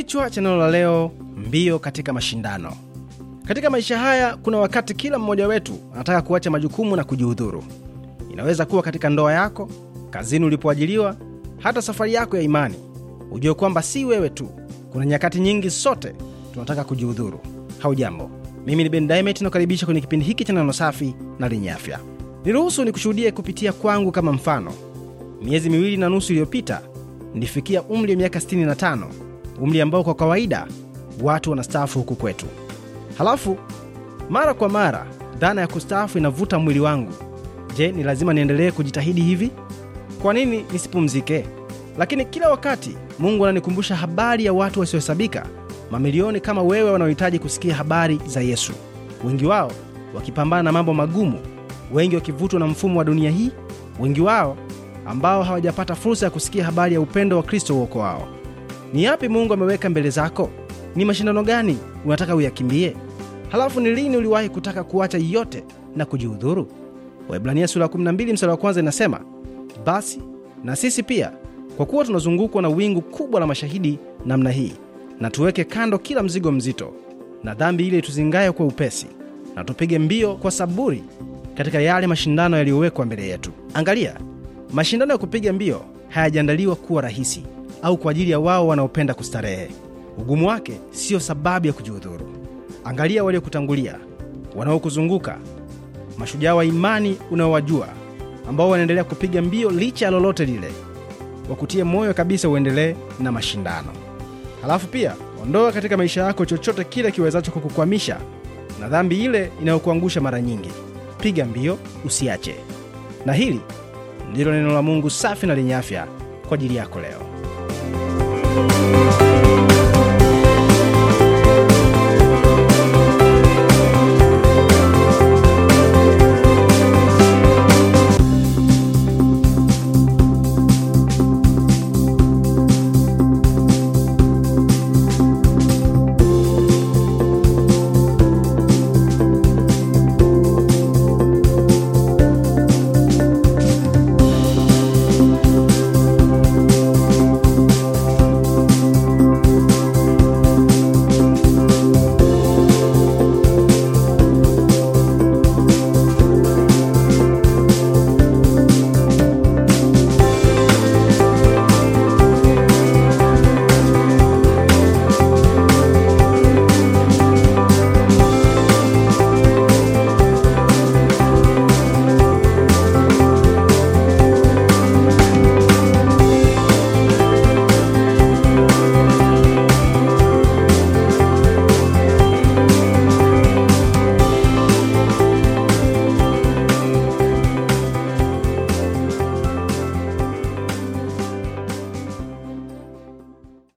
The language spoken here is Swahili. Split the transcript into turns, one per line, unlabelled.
Kichwa cha neno la leo, mbio katika mashindano. Katika maisha haya kuna wakati kila mmoja wetu anataka kuacha majukumu na kujihudhuru. Inaweza kuwa katika ndoa yako, kazini ulipoajiliwa, hata safari yako ya imani. Ujue kwamba si wewe tu, kuna nyakati nyingi sote tunataka kujihudhuru. jambo mimi ni Ben nakaribisha kwenye kipindi hiki cha neno safi na lenye afya. Niruhusu nikushuhudie kupitia kwangu kama mfano. Miezi miwili na nusu iliyopita nilifikia umri wa miaka 65 umri ambao kwa kawaida watu wanastaafu huku kwetu. Halafu mara kwa mara dhana ya kustaafu inavuta mwili wangu. Je, ni lazima niendelee kujitahidi hivi? Kwa nini nisipumzike? Lakini kila wakati Mungu ananikumbusha habari ya watu wasiohesabika, mamilioni kama wewe, wanaohitaji kusikia habari za Yesu, wengi wao wakipambana na mambo magumu, wengi wakivutwa na mfumo wa dunia hii, wengi wao ambao hawajapata fursa ya kusikia habari ya upendo wa Kristo uokoao. Ni yapi Mungu ameweka mbele zako? Ni mashindano gani unataka uyakimbie? Halafu ni lini uliwahi kutaka kuacha yote na kujihudhuru? waibrania sula 12 msala wa kwanza inasema, basi na sisi pia, kwa kuwa tunazungukwa na wingu kubwa la mashahidi namna hii, na tuweke kando kila mzigo mzito na dhambi ile ituzingaye kwa upesi, na tupige mbio kwa saburi katika yale mashindano yaliyowekwa mbele yetu. Angalia, mashindano ya kupiga mbio hayajaandaliwa kuwa rahisi au kwa ajili ya wao wanaopenda kustarehe. Ugumu wake siyo sababu ya kujiudhuru. Angalia waliokutangulia, wanaokuzunguka, mashujaa wa imani unaowajua, ambao wanaendelea kupiga mbio licha ya lolote lile. Wakutie moyo kabisa uendelee na mashindano. Halafu pia ondoa katika maisha yako chochote kile kiwezacho kukukwamisha na dhambi ile inayokuangusha mara nyingi. Piga mbio, usiache. Na hili ndilo neno la Mungu safi na lenye afya kwa ajili yako leo. you